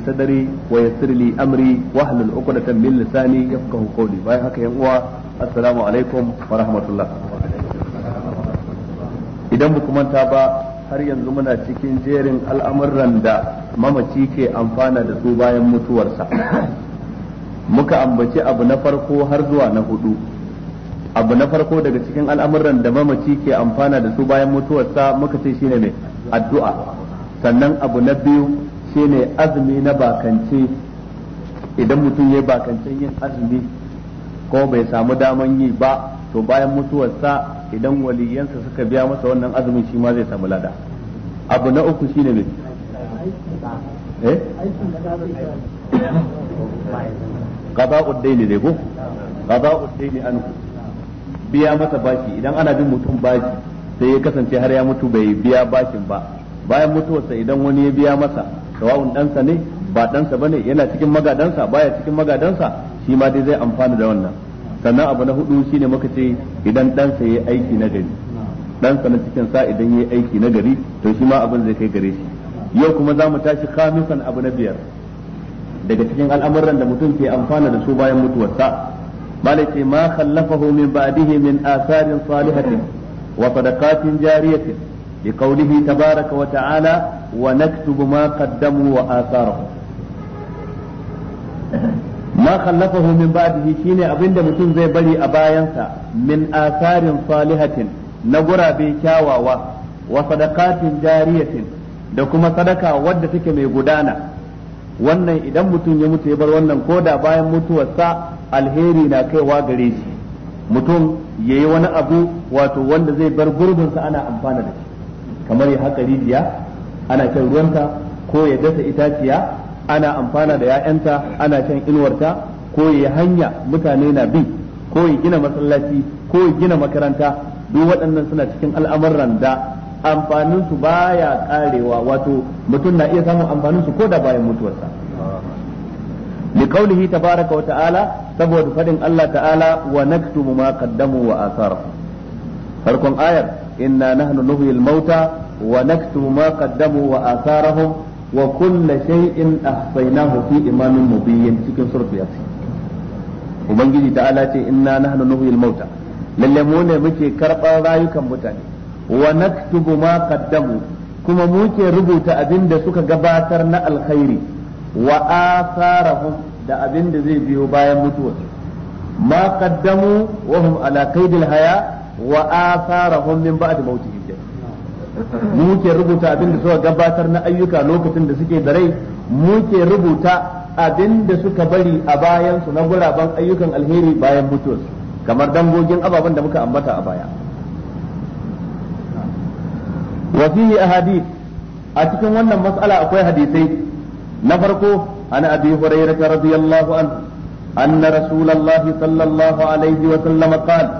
sadari wa yassir li amri wa hlul uqdatan min lisani yafqahu qawli bayan haka yan uwa assalamu alaikum wa rahmatullah idan ba manta ba har yanzu muna cikin jerin al'amuran da mamaci ke amfana da su bayan mutuwarsa muka ambaci abu na farko har zuwa na hudu abu na farko daga cikin al'amuran da mamaci ke amfana da su bayan mutuwarsa muka ce shine mai addu'a sannan abu na biyu shine azumi na bakance idan mutum ya bakancen yin azumi ko bai samu daman yi ba to bayan mutuwarsa idan waliyansa suka biya masa wannan azumin shi ma zai samu lada abu na uku shine ne eh uddai daini ne ko uddai ne an biya masa bashi idan ana bin mutum bashi sai ya kasance har ya mutu bai biya bashin ba bayan mutuwarsa idan wani ya biya masa sawa'un ɗansa ne ba ɗansa ne yana cikin magadansa baya cikin magadansa shi ma dai zai amfana da wannan sannan abu na hudu shine muka ce idan ɗansa yi aiki na gari ɗansa na cikin sa idan ya yi aiki na gari to shi ma abin zai kai gare shi yau kuma za mu tashi kamisan abu na biyar daga cikin al'amuran da mutum ke amfana da su bayan mutuwarsa malai ce ma khallafahu min ba'dihi min asarin salihatin wa sadaqatin jariyatin liqaulihi tabaraka wa ta'ala wa naktub ma qaddamu wa akharu da khallafahu min ba'dih abinda mutun zai bari a bayan sa min asarin salihatin na gurabe kyawawa wa sadaqatin jariyatin da kuma sadaka wanda take mai gudana wannan idan mutum ya mutu ya bar wannan koda bayan sa alheri na kaiwa gare shi mutum yayi wani abu wato wanda zai bar gurbinsa ana amfana da shi kamar ya haƙa rijiya ana shan ruwanta ko ya dasa itaciya ana amfana da ‘ya'yanta ana shan inuwarta ko ya hanya mutane na bi ko ya gina masallaci ko ya gina makaranta duk waɗannan suna cikin al'amuran da amfaninsu ba ya karewa wato mutum na iya samun amfaninsu ko da bayan mutuwarsa tabaraka wa ta'ala saboda fadin Allah ta'ala wa naktubu ma qaddamu wa asar farkon ayar inna nahnu nuhyil mauta ونكتب ما قدموا وآثارهم وكل شيء أحصيناه في إمام مبين cikin سورة ياسين ubangiji ta'ala ce inna nahnu nuhyil mauta lalle mu ne muke karɓar rayukan mutane wa naktubu ma qaddamu kuma muke rubuta abin da suka gabatar na alkhairi wa atharahum da abin da zai biyo bayan mutuwar. ma qaddamu wa hum ala qaidil haya wa atharahum min ba'd mautihim mu ke rubuta abin da suka gabatar na ayyuka lokacin da suke da rai mu ke rubuta abin da suka bari a bayansu na guraben ayyukan alheri bayan mutuwarsu kamar dangogin ababen da muka ambata a baya wa fihi ahadith a cikin wannan mas'ala akwai hadisai na farko ana abi hurairah radhiyallahu anhu anna rasulullahi sallallahu alaihi wa sallam qala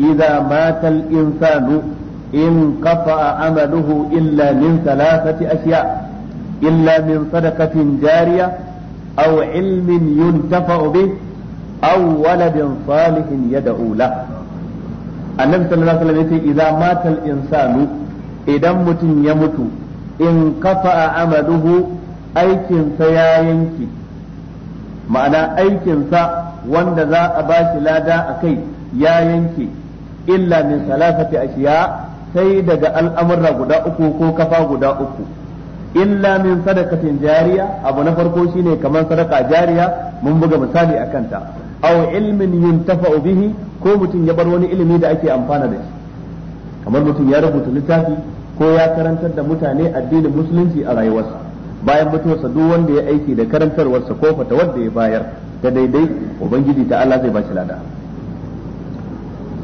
idza mata al-insanu in qata amaluhu illa min thalathati ashiya illa min sadaqatin jariya aw ilmin yuntafa'u bih aw waladin salihin yad'u la annabi sallallahu alaihi wasallam yace idza mata al-insanu idan mutum ya mutu in kafa amaluhu aikin sa ya yanki ma'ana aikin wanda za a bashi lada akai ya yanke illa min salasati sai daga al'amurra guda uku ko kafa guda uku illa min sadakatin jariya abu na farko shine kamar sadaka jariya mun buga misali a kanta aw ilmin yuntafa'u bihi ko mutum ya bar wani ilimi da ake amfana da shi kamar mutum ya rubuta littafi ko ya karantar da mutane addinin musulunci a rayuwarsa bayan mutuwarsa duk wanda ya aiki da karantarwarsa ko fata wanda ya bayar da daidai ubangiji ta Allah zai ba shi lada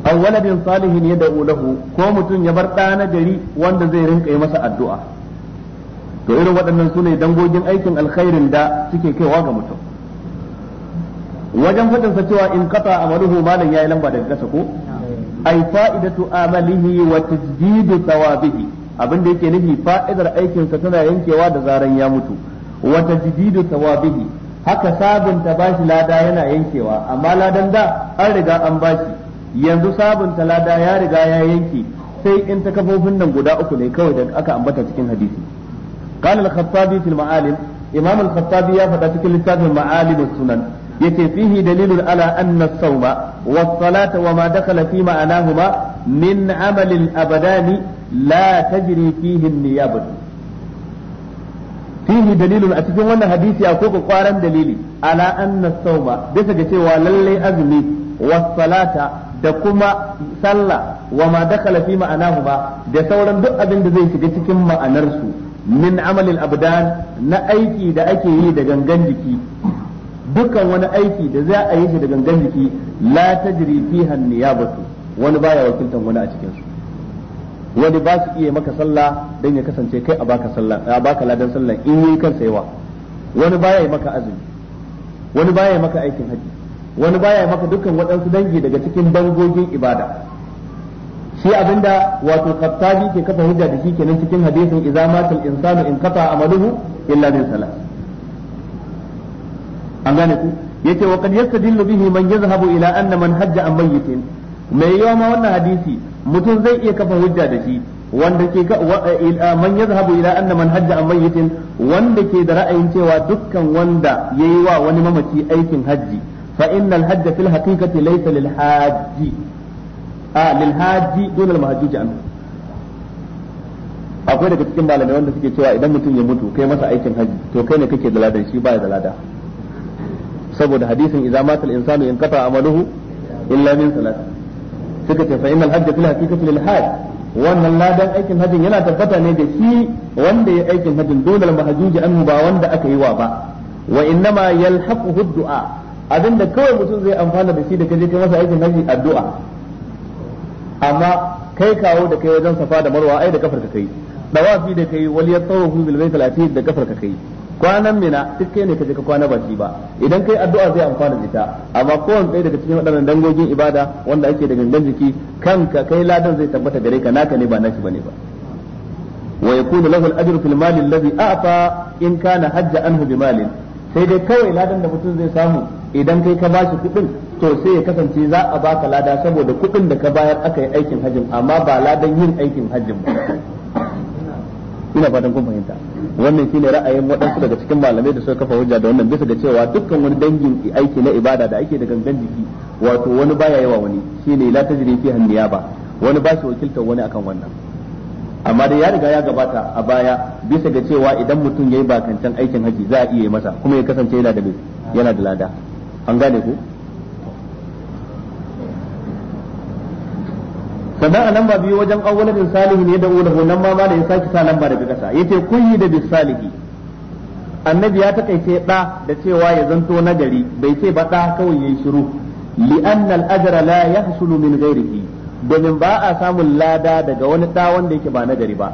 aw waladin salihin yad'u lahu ko mutum ya bar ɗa na gari wanda zai rinka yi masa addu'a to irin waɗannan sune dangogin aikin alkhairin da suke kaiwa ga mutum wajen faɗin sa cewa in qata amaluhu malan yayi lamba daga ƙasa ko ai fa'idatu amalihi wa tajdidu thawabihi abin da yake nufi fa'idar aikin sa tana yankewa da zaran ya mutu wa tajdidu thawabihi haka sabunta bashi lada yana yankewa amma ladan da an riga an bashi yanzu sabunta lada ya riga ya yanke sai in ta kafofin nan guda uku ne kawai da aka ambata cikin hadisi qala al-khattabi fil ma'alim ya faɗa cikin littafin ma'alim sunan yace fihi dalilun ala anna as-sawma was-salata wa ma dakhala fi ma'anahuma min amalin abadani la tajri fihi an-niyabah fihi dalilun a cikin wannan hadisi akwai kwakwaran dalili ala anna as-sawma bisa ga cewa lallai azumi was-salata da kuma sallah wa ma dakala fi ma'anahu ba da sauran duk abin da zai shiga cikin ma'anarsu min amalil abdan na aiki da ake yi da gangan jiki dukkan wani aiki da za a yi shi da gangan jiki la tajri fiha niyabatu wani baya wakiltan wani a cikin su wani ba su iya maka sallah dan ya kasance kai a baka sallah a baka ladan sallah in yi kansa yawa wani baya yi maka azumi wani baya yi maka aikin haji wani baya maka dukkan waɗansu dangi daga cikin dangogin ibada shi abinda wato qattabi ke kafa hujja da shi kenan cikin hadisin idza matal insanu in kafa amaluhu illa min salat an gane ku yace wa qad yastadillu bihi man yazhabu ila anna man hajja an mayyitin mai yawa ma wannan hadisi mutum zai iya kafa hujja da shi wanda ke eh, ah, man yazhabu ila anna man hajja an mayyitin wanda ke da ra'ayin cewa dukkan wanda yayi wa wani mamaci aikin hajji fa innal hajj fil haqiqati laysa lil haji a ah, lil haji dun al mahjuj akwai daga cikin malamai wanda suke cewa idan mutum ya mutu kai masa aikin haji to kai ne kake da ladan shi baya da lada saboda hadisin idza mata al insanu yanqata amaluhu illa min salat suka ce fa innal hajj fil haqiqati lil haji wannan ladan aikin hajjin yana tabbata ne da shi wanda ya aikin hajjin dole al mahjuji anhu ba wanda aka yi wa ba wa innama yalhaquhu du'a abinda kawai mutum zai amfana da shi da kaje kai masa aikin haji addu'a amma kai kawo da kai wajen safa da marwa ai da kafar ka kai dawafi da kai wal yatawafu bil baitil atiq da kafar ka kai kwanan mina duk kai ne kaje ka kwana baki ba idan kai addu'a zai amfana da ita amma kowanne ɗaya daga cikin waɗannan dangogin ibada wanda ake da gangan jiki kanka kai ladan zai tabbata gare ka naka ne ba nashi bane ba wa yakunu lahu al-ajru fil mali alladhi a'ta in kana hajja anhu bi malin sai dai kawai ladan da mutum zai samu idan kai ka ba bashi kuɗin to sai ya kasance za a baka lada saboda kuɗin da ka bayar aka yi aikin hajjin amma ba ladan yin aikin hajjin ba ina fatan kun fahimta wannan shine ra'ayin waɗansu daga cikin malamai da suka kafa hujja da wannan bisa ga cewa dukkan wani dangin aiki na ibada da ake da gangan jiki wato wani baya yawa wani shine la tajri fi ba wani ba shi wakiltar wani akan wannan amma dai ya riga ya gabata a baya bisa ga cewa idan mutum ya yi bakancan aikin haji za a iya yi masa kuma ya kasance yana da lada an gane ku sannan a lamba biyu wajen bin salihi ne da ulahu nan ma da ya saki sa lamba daga kasa yace kulli da bis salihi annabi ya takaice da da cewa ya zanto nagari bai ce ba da kawai yayi shiru li anna al ajra la yahsulu min ghairihi domin ba a samun lada daga wani da wanda yake ba nagari ba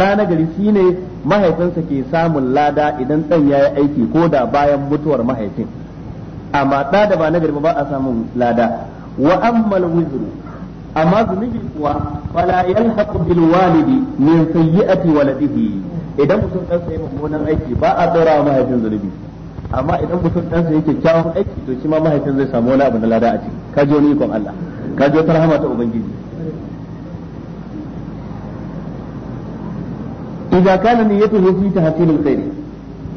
da nagari shine mahaifinsa ke samun lada idan dan yayi aiki ko da bayan mutuwar mahaifin amma da da ba garba ba a samun lada wa ammal wizru amma zunubi kuwa fala yalhaqu bil walidi min sayyi'ati waladihi idan mutum dan sai mummunan aiki ba a dora ma mahaifin zunubi amma idan mutum dan sai yake kyawun aiki to shi ma mahaifin zai samu wani abu na lada a ciki ka ji wani ikon Allah ka ji wata rahama ta ubangiji idan kana niyyatuhu fi tahsilil khairi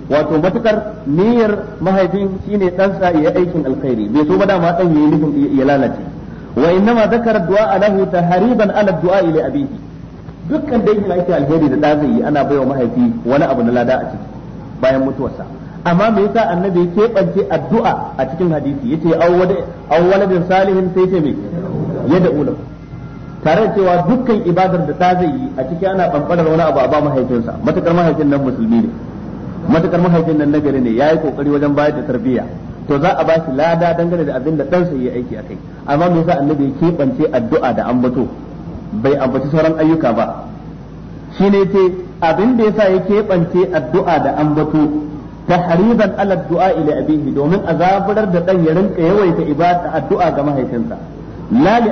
wato matukar niyyar mahaifin shine sa ya aikin alkhairi bai so ba dama dan yayi nufin ya lalace wa innama zakara du'a alahu tahriban ala du'a ila abihi dukkan da yake aiki alheri da ɗa zai yi ana baiwa mahaifi wani abu na lada a ciki bayan mutuwarsa amma me yasa annabi ya keɓance addu'a a cikin hadisi yace awwada waladin salihin sai ce me ya da ulama tare da cewa dukkan ibadar da ta zai yi a ciki ana bambarar wani abu a ba mahaifinsa matukar mahaifin nan musulmi ne matakar mahaifin nan nagari ne ya yi kokari wajen bayar da tarbiyya to za a ba shi lada dangane da abin da ɗan sa yi aiki a kai amma me yasa annabi ya keɓance addu'a da ambato bai ambaci sauran ayyuka ba shine ce abin da yasa ya keɓance addu'a da ambato tahriban ala du'a ila abihi domin azabar da ɗan ya rinka yawaita ibada addu'a ga mahaifinsa la li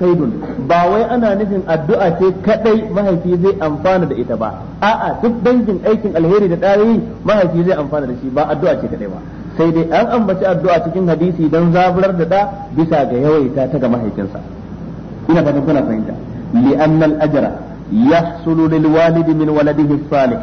kaidun ba wai ana nufin addu'a ce kadai mahaifi zai amfana da ita ba a'a duk dangin aikin alheri da dare mahaifi zai amfana da shi ba addu'a ce kadai ba sai dai an ambaci addu'a cikin hadisi don zaburar da da bisa ga yawaita ta ga mahaifinsa ina fatan kuna fahimta li anna al ajra yahsulu lil walidi min waladihi salih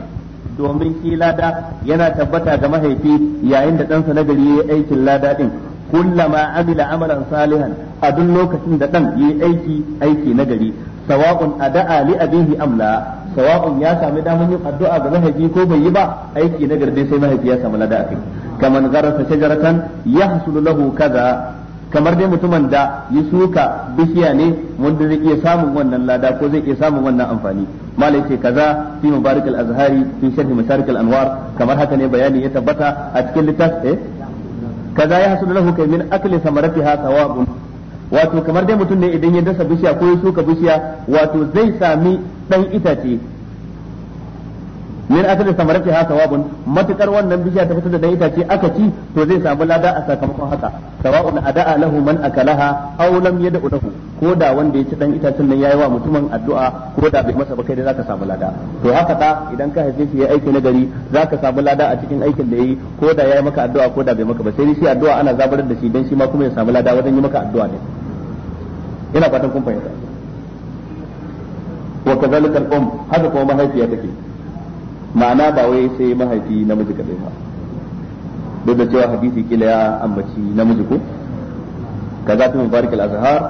domin shi lada yana tabbata ga mahaifi yayin da ɗansa nagari ya yi aikin lada din kullama amila amalan salihan a duk lokacin da dan yi aiki aiki na gari sawa'un ada'a li abihi amla sawa'un ya sami damar yin addu'a ga mahaifi ko bai yi ba aiki na gari sai mahaifi ya samu lada akai kaman garasa shajaratan yahsulu lahu kaza kamar dai mutumin da ya shuka bishiya ne wanda zai iya samun wannan lada ko zai iya samun wannan amfani malai ce kaza fi mubarak al-azhari fi sharh masharik al-anwar kamar haka ne bayani ya tabbata a cikin littafin eh? kaza ya hasulu lahu kai min akli samaratiha thawabun wato kamar dai mutum ne idan ya dasa bishiya ko ya shuka bishiya wato zai sami dan itace min asali samarati ha sawabun matukar wannan bishiya ta fitar da dan itace aka ci to zai samu lada a sakamakon haka sawabun ada'a lahu man akalaha aw lam yad'u lahu ko da wanda ya ci dan itacen nan yayi wa mutumin addu'a ko da bai masa ba kai dai zaka samu lada to haka da idan ka haife shi yayi aiki na gari zaka samu lada a cikin aikin da yayi ko da yayi maka addu'a ko da bai maka ba sai shi addu'a ana zabarar da shi dan shi ma kuma ya samu lada wajen yi maka addu'a ne ina fatan kun fahimta wa kazalika al-um haka kuma mahaifiya take ma'ana ba wai sai mahaifi namiji kadai ba duk da cewa hadisi kila ya ambaci namiji ko kaza fi mubarak al-azhar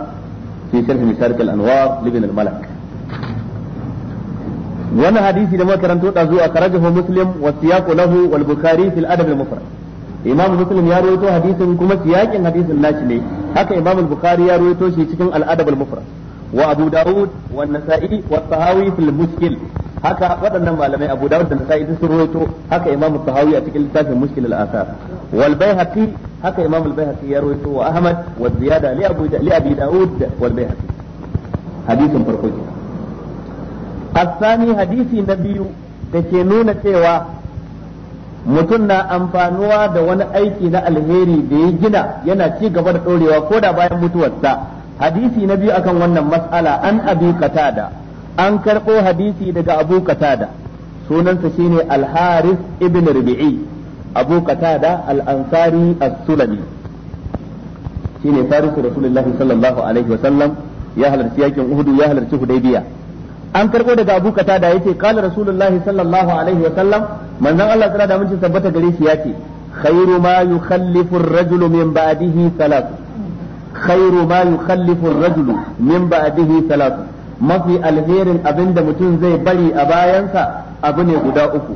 fi sharh misarik al-anwar libn al-malak wannan hadisi da muka karanto da zuwa karajahu muslim wa siyaqu lahu wal bukhari fil adab al-mufrad imam muslim ya rawaito hadisin kuma siyaqin hadisin nashi ne haka imam al-bukhari ya ruwaito shi cikin al-adab al-mufrad wa abu daud wa an-nasa'i wa tahawi fil mushkil haka waɗannan malamai abu daud da nasa'i sun ruwaito haka imam tahawi a cikin littafin muskil al-asar wal bayhaqi haka imam al-bayhaqi ya ruwaito wa ahmad wa ziyada li abu li abi daud wal bayhaqi hadisin farko ke الثاني حديث نبي da ke nuna cewa mutum na amfanuwa da wani aiki na alheri da ya gina yana ci gaba da dorewa ko da bayan mutuwarsa hadisi na biyu akan wannan mas'ala an abi qatada an karbo hadisi daga abu qatada sunansa shine alharis ibn rabi'i abu qatada al-ansari as-sulami shine farisu rasulullahi sallallahu alaihi sallam ya halarci yakin uhudu ya halarci hudaybiya an karɓo daga Abu da yace qala Rasulullahi sallallahu alaihi wa sallam manzon Allah tsara da mun tabbata gare shi yake khairu ma yukhallifu ar-rajulu min ba'dihi salat khairu ma yukhallifu ar-rajulu min ba'dihi salat mafi alherin abinda mutum zai bari a bayansa abu ne guda uku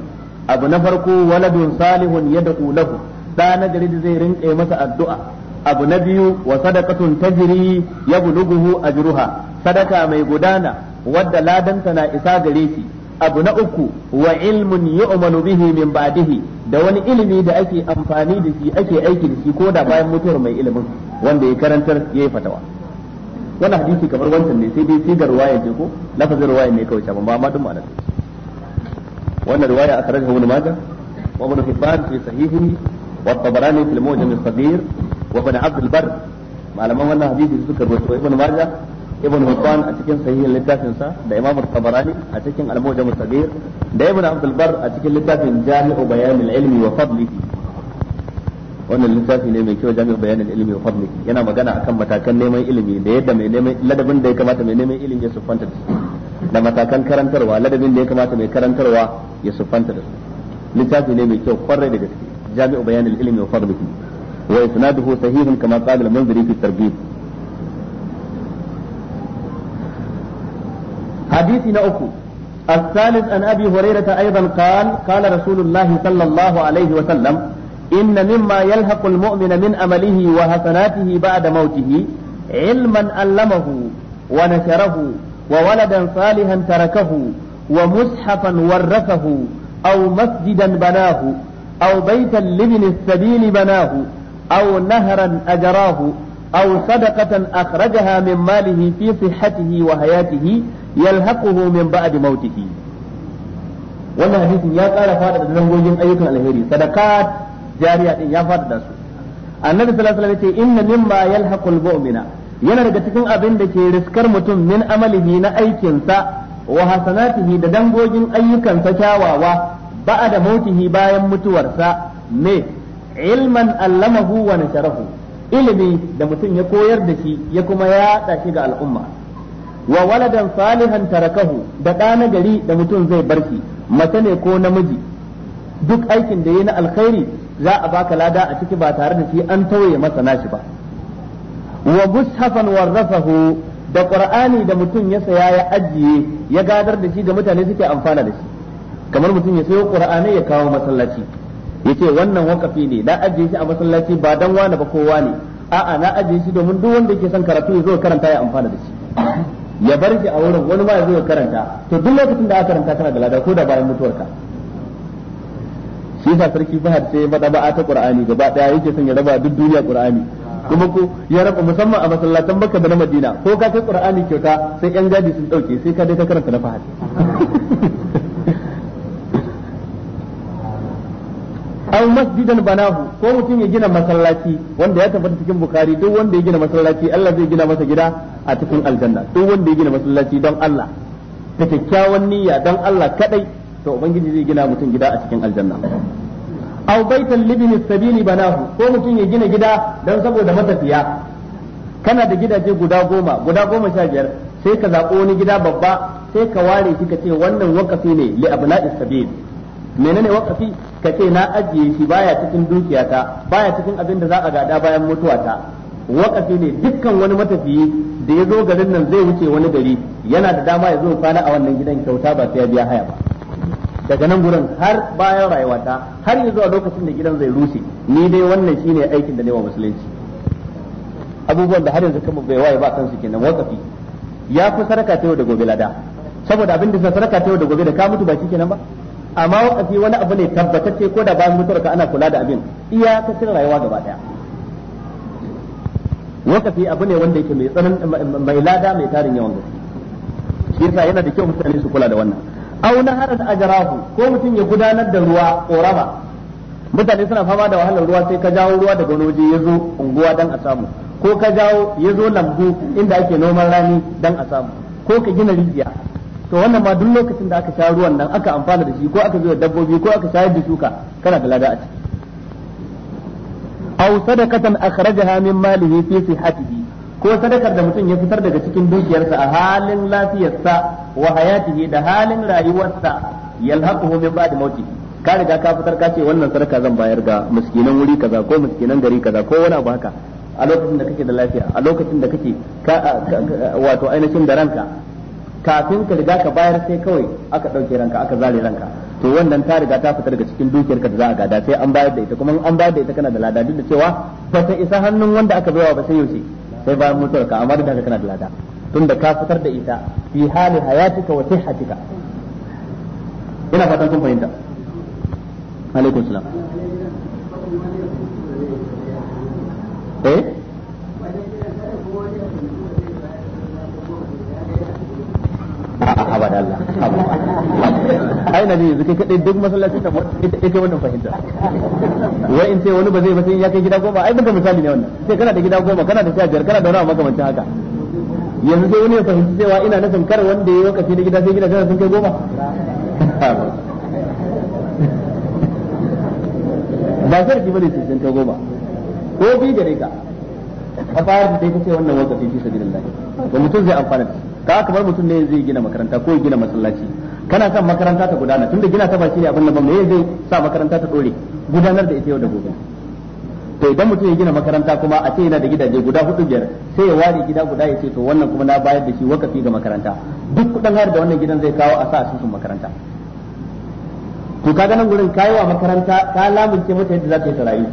abu na farko waladun salihun yad'u lahu da na gari da zai rinƙe masa addu'a abu na biyu wa sadaqatun tajri yabluguhu ajruha sadaka mai gudana wadda ladanta na isa gare shi abu na uku wa ilmun yu'malu bihi min ba'dihi da wani ilimi da ake amfani da shi ake aiki da shi ko da bayan mutuwar mai ilimin wanda ya karantar yayi fatawa wannan hadisi kamar wancan ne sai dai sigar ruwaya ce ko lafazin ruwaya ne kawai shaban ba ma dun ma'ana wannan ruwaya akhrajahu ibn majah wa ibn hibban fi sahihihi wa tabarani fil mujam al-kabir wa ibn abd al-bar malaman wannan hadisi suka rawaito ibn majah ibn Hibban a cikin sahihin littafin da Imam Tabarani a cikin al Sabir da Ibn Abdul Bar a cikin littafin Jami'u wannan littafi ne mai kyau Jami'u Bayan ilimi wa Fadlihi yana magana akan matakan neman ilimi da yadda mai neman ladabin da ya kamata mai neman ilimi ya siffanta da su da matakan karantarwa ladabin da ya kamata mai karantarwa ya siffanta da su littafi ne mai kyau kwarai da gaske Jami'u Bayan ilimi ilmi wa Fadlihi wa isnaduhu sahihun kama qala al-Munziri fi حديث نأكو الثالث أن أبي هريرة أيضا قال قال رسول الله صلى الله عليه وسلم إن مما يلحق المؤمن من أمله وحسناته بعد موته علما علمه ونشره وولدا صالحا تركه ومصحفا ورثه أو مسجدا بناه أو بيتا لابن السبيل بناه أو نهرا أجراه أو صدقة أخرجها من ماله في صحته وحياته yalhaquhu min ba'di mautihi wannan hadisin ya ƙara fada da dangogin ayyukan alheri sadakat jariya din ya fada da su annabi sallallahu alaihi wasallam ya ce inna mimma yalhaqul mu'mina yana daga cikin abin da ke riskar mutum min amalihi na aikinsa wa hasanatihi da dangogin ayyukansa kyawawa ba'a da mautihi bayan mutuwarsa me ilman allamahu wa nasharahu ilimi da mutum ya koyar da shi ya kuma ya shi ga al'umma wa waladan salihan tarakahu da ɗa na gari da mutum zai bar shi mace ne ko namiji duk aikin da yi na alkhairi za a baka lada a ciki ba tare da shi an tauye masa nashi ba wa mushafan warrafahu da qur'ani da mutum ya saya ya ajiye ya gadar da shi ga mutane suke amfana da shi kamar mutum ya sayo qur'ani ya kawo masallaci yace wannan wakafi ne na ajiye shi a masallaci ba dan wani ba kowa ne a'a na ajiye shi domin duk wanda yake son karatu ya zo karanta ya amfana da shi ya bar shi a wurin wani ma ya karanta to duk lokacin da aka karanta kana da lada ko da bayan mutuwarka shi yasa sarki Fahad sai madaba ta Qur'ani gaba daya yake son ya raba duk duniya Qur'ani kuma ko ya raba musamman a masallatan Makka da na Madina ko ka kai Qur'ani kyauta sai yan gadi sun dauke sai ka dai ka karanta na Fahad aw masjidan banahu ko mutum ya gina masallaci wanda ya tabbata cikin bukari duk wanda ya gina masallaci Allah zai gina masa gida a cikin aljanna duk wanda ya gina masallaci don Allah da kyakkyawan niyya don Allah kadai to ubangiji zai gina mutum gida a cikin aljanna aw baitan libni sabili banahu ko mutum ya gina gida don saboda matafiya kana da gidaje guda goma guda goma sha biyar sai ka zaɓo wani gida babba sai ka ware shi ka ce wannan wakafi ne li abna'is sabili menene wakafi ka ce na ajiye shi baya cikin dukiyata baya cikin abin da za a gada bayan mutuwata wakafi ne dukkan wani matafiyi da ya zo garin nan zai wuce wani gari yana da dama ya zo kwana a wannan gidan kyauta ba sai ya biya haya ba daga nan gurin har bayan rayuwata har yanzu a lokacin da gidan zai rushe ni dai wannan shine aikin da ne wa musulunci abubuwan da har yanzu kuma bai waye ba kansu kenan wakafi ya fi sadaka ta yau da gobe lada saboda abin da sadaka ta yau da gobe da ka mutu ba shi kenan ba amma wakafi wani abu ne tabbatacce ko da bayan mutuwarka ana kula da abin iya ka rayuwa gaba daya wakafi abu ne wanda yake mai tsanan mai lada mai tarin yawan gaske shi yasa yana da kyau mutane su kula da wannan au na harar ajarahu ko mutum ya gudanar da ruwa korama mutane suna fama da wahalar ruwa sai ka jawo ruwa daga wani waje ya zo unguwa dan a samu ko ka jawo ya zo lambu inda ake noman rani dan a samu ko ka gina rijiya to wannan ma duk lokacin da aka sha ruwan nan aka amfana da shi ko aka biyo dabbobi ko aka shayar da shuka kana da lada a ciki aw sadaqatan akhrajaha min malihi fi sihhatihi ko sadakar da mutum ya fitar daga cikin dukiyarsa a halin lafiyarsa wa hayatihi da halin rayuwarsa yalhaquhu min ba'di mauti ka riga ka fitar ka ce wannan sadaka zan bayar ga miskinan wuri kaza ko miskinan gari kaza ko wani abu haka a lokacin da kake da lafiya a lokacin da kake wato ainihin da ranka kafin ka riga ka bayar sai kawai aka ɗauke ranka aka zare ranka to wannan ta riga ta fita daga cikin dukiyar ka da za a gada sai an bayar da ita kuma an bayar da ita kana da lada duk da cewa ba ta isa hannun wanda aka baiwa ba sai yaushe sai bayan mutuwar ka amma da kana da lada tunda ka fitar da ita fi hali hayatika wa sihhatika ina fatan kun fahimta alaikum salam eh ba da Allah ai na yanzu kai kadai duk masallaci ta ita wannan fahimta wai in ce wani ba zai ba sai ya kai gida goma ai baka misali ne wannan sai kana da gida goma kana da sha biyar kana da wani makamancin haka yanzu sai wani ya fahimci cewa ina na sankar wanda ya yi wakafi na gida sai gida kana sun kai goma ba sarki bane sai sun kai goma ko bi gare ka a bayar da dai kace wannan wakafi fi sabilillah to mutum zai amfana da shi ka kamar mutum ne zai gina makaranta ko gina masallaci kana son makaranta ta gudana tunda gina ta ba shi ne abin da ba me zai sa makaranta ta dore gudanar da ita yau da gobe to idan mutum ya gina makaranta kuma a ce yana da gidaje guda hudu biyar sai ya ware gida guda ya ce to wannan kuma na bayar da shi wakafi ga makaranta duk kudin har da wannan gidan zai kawo a sa asusun makaranta to ga nan gurin kayi wa makaranta ka lamunce mata yadda za ta yi ta rayu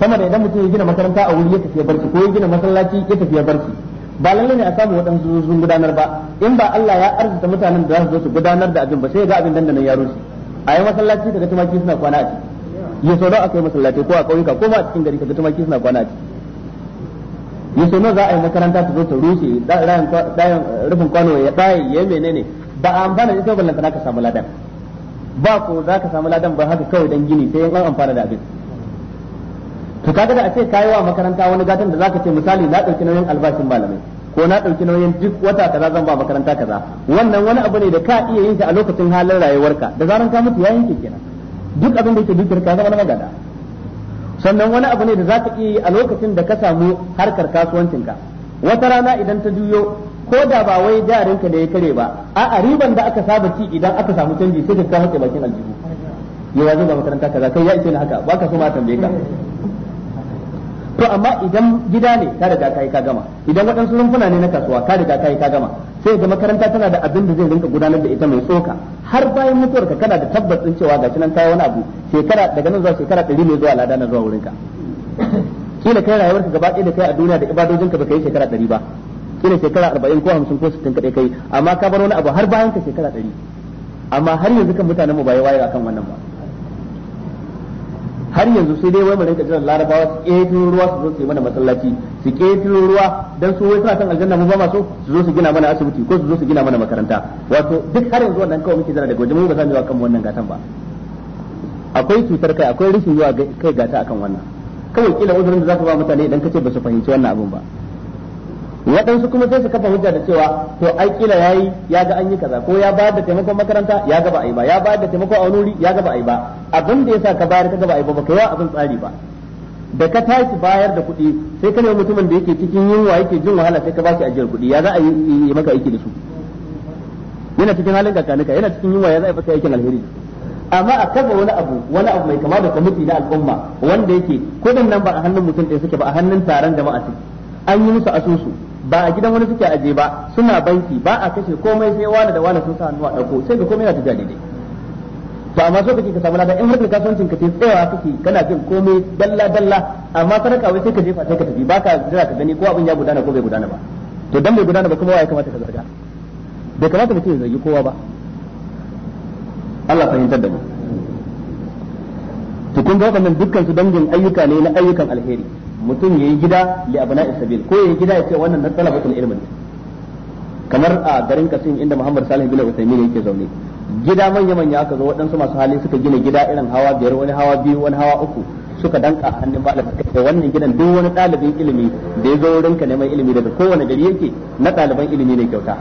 sama da idan mutum ya gina makaranta a wuri ya tafi barci ko ya gina masallaci ya tafi barci ba lalle ne a samu waɗansu sun gudanar ba in ba Allah ya arzuta mutanen da za su zo su gudanar da abin ba sai ga abin nan ya rushe a yi masallaci daga tumaki suna kwana a ciki ya so nawa aka yi masallaci ko a ƙauyuka ko ba a cikin gari kaga tumaki suna kwana a ciki ya so nawa za a yi makaranta ta zo su rushe ɗayan rufin kwano ya ɗaye ya menene ba a amfana ita ba lantana ka samu ladan ba ko za ka samu ladan ba haka kawai dan gini sai an amfana da abin to kaga da a ce kayi wa makaranta wani gatan da za ka ce misali na dauki nauyin albashin malamai ko na dauki nauyin duk wata kaza zan ba makaranta kaza wannan wani abu ne da ka iya yin shi a lokacin halin rayuwarka da zaran ka mutu ya yanke kenan duk abin da yake dukiyar ka zama na magada sannan wani abu ne da zaka iya yi a lokacin da ka samu harkar kasuwancin ka wata rana idan ta juyo ko da ba wai jarinka da ya kare ba a riban da aka saba ci idan aka samu canji sai ka kawo bakin aljihu yawa zai ba makaranta kaza kai ya ishe ni haka ba ka so ma tambaye ka to amma idan gida ne ka riga kai ka gama idan waɗansu rumfuna ne na kasuwa ka riga kai ka gama sai ga makaranta tana da abin da zai rinka gudanar da ita mai tsoka har bayan mutuwarka kana da tabbacin cewa shi nan kai wani abu shekara daga nan zuwa shekara 100 ne zuwa lada na zuwa wurinka kila kai rayuwarka gaba ɗaya da kai a duniya da ibadojinka baka yi shekara 100 ba kila shekara 40 ko 50 ko 60 kadai kai amma ka bar wani abu har bayan ka shekara 100 amma har yanzu kan mutanen mu ba ya waye akan wannan ba har yanzu sai dai wai mu rinka jiran larabawa su ƙetiro ruwa su zo su yi mana masallaci su ƙetiro ruwa dan su wai suna san aljanna mu ba ma so su zo su gina mana asibiti ko su zo su gina mana makaranta wato duk har yanzu wannan kawai muke jira daga waje mu ba za mu yi kan wannan gatan ba akwai cutar kai akwai rashin zuwa kai gata akan wannan kawai kila uzurin da ka ba mutane idan kace ba su fahimci wannan abun ba waɗansu kuma sai su kafa hujja da cewa to ai kila yi ya ga an yi kaza ko ya bayar da taimakon makaranta ya ga ba yi ba ya bayar da taimakon aunuri ya ga ba yi ba abin da yasa ka bayar ka ga ba yi ba baka yi abin tsari ba da ka tashi bayar da kuɗi sai ka nemi mutumin da yake cikin yunwa yake jin wahala sai ka ba shi ajiyar kuɗi ya za a yi maka aiki da su yana cikin halin kakanika yana cikin yunwa ya za a yi maka aikin alheri amma a kafa wani abu wani abu mai kama da kwamiti na al'umma wanda yake kuɗin nan ba a hannun mutum ɗaya suke ba a hannun taron jama'a suke an yi musu asusu ba a gidan wani suke aje ba suna banki ba a kashe komai sai wani da wani sun sa hannu a dauko sai ga komai yana tafiya daidai to amma so kake ka samu lada in ka kasuwancin ka ce tsayawa kake kana jin komai dalla dalla amma sadaka wai sai ka jefa sai ka tafi ba ka jira ka gani ko abin ya gudana ko bai gudana ba to dan bai gudana ba kuma waye kamata ka zarga bai kamata mutum ya zargi kowa ba Allah fahimtar da mu to kun ga wannan dukkan su dangin ayyuka ne na ayyukan alheri mutum yayi gida li abna isabil ko yayi gida yace wannan na talabatul ilmi kamar a garin kasin inda Muhammad Salih bin Uthaymeen yake zaune gida manya manya aka zo waɗansu masu hali suka gina gida irin hawa biyar wani hawa biyu wani hawa uku suka danka a hannun malamin kai wannan gidan duk wani ɗalibin ilimi da ya zo ka neman ilimi daga kowane gari yake na ɗaliban ilimi ne kyauta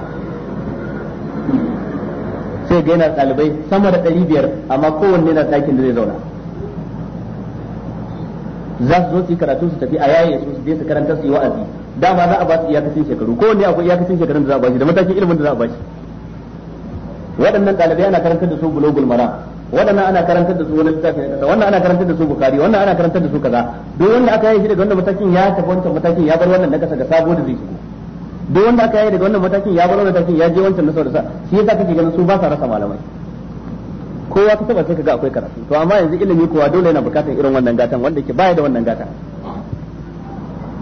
sai ga yana ɗalibai sama da ɗari biyar amma kowanne na ɗakin da zai zauna za su zo su yi karatu su tafi a yayi su je su karanta su yi wa'azi dama za a ba su iyakacin shekaru ko ne akwai iyakacin shekarun da za a ba shi da matakin ilimin da za a ba shi waɗannan ɗalibai ana karantar da su bulogul mara waɗannan ana karantar da su wani littafi na kaza wannan ana karantar da su bukari wannan ana karantar da su kaza duk wanda aka yi daga wannan matakin ya tafi wancan matakin ya bar wannan na kasa da sabo da zai shigo duk wanda aka yi daga wannan matakin ya bar wannan matakin ya je wancan na sau da sa shi yasa kake ganin su ba sa rasa malamai kowa ka taba sai kaga akwai karatu to amma yanzu ilimi kowa dole yana bukatar irin wannan gatan wanda ke baya da wannan gatan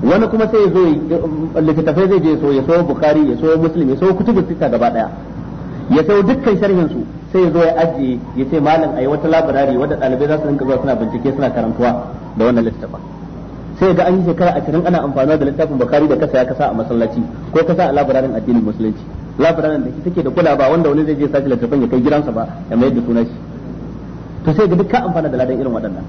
wani kuma sai ya zo littattafai zai je so ya so bukari ya so muslim ya so kutubu sita gaba daya ya so dukkan sharhin su sai ya zo ya ajiye ya ce malam ayi wata labarari wadda dalibai za su rinka zuwa suna bincike suna karantuwa da wannan littafin sai ga an yi shekara ashirin ana amfani da littafin bukari da kasa ya kasa a masallaci ko kasa a labararin addinin musulunci labirarin da take da kula ba wanda wani zai je sashi littafin ya kai gidansa ba ya mayar da suna shi to sai ga dukkan amfana da ladan irin waɗannan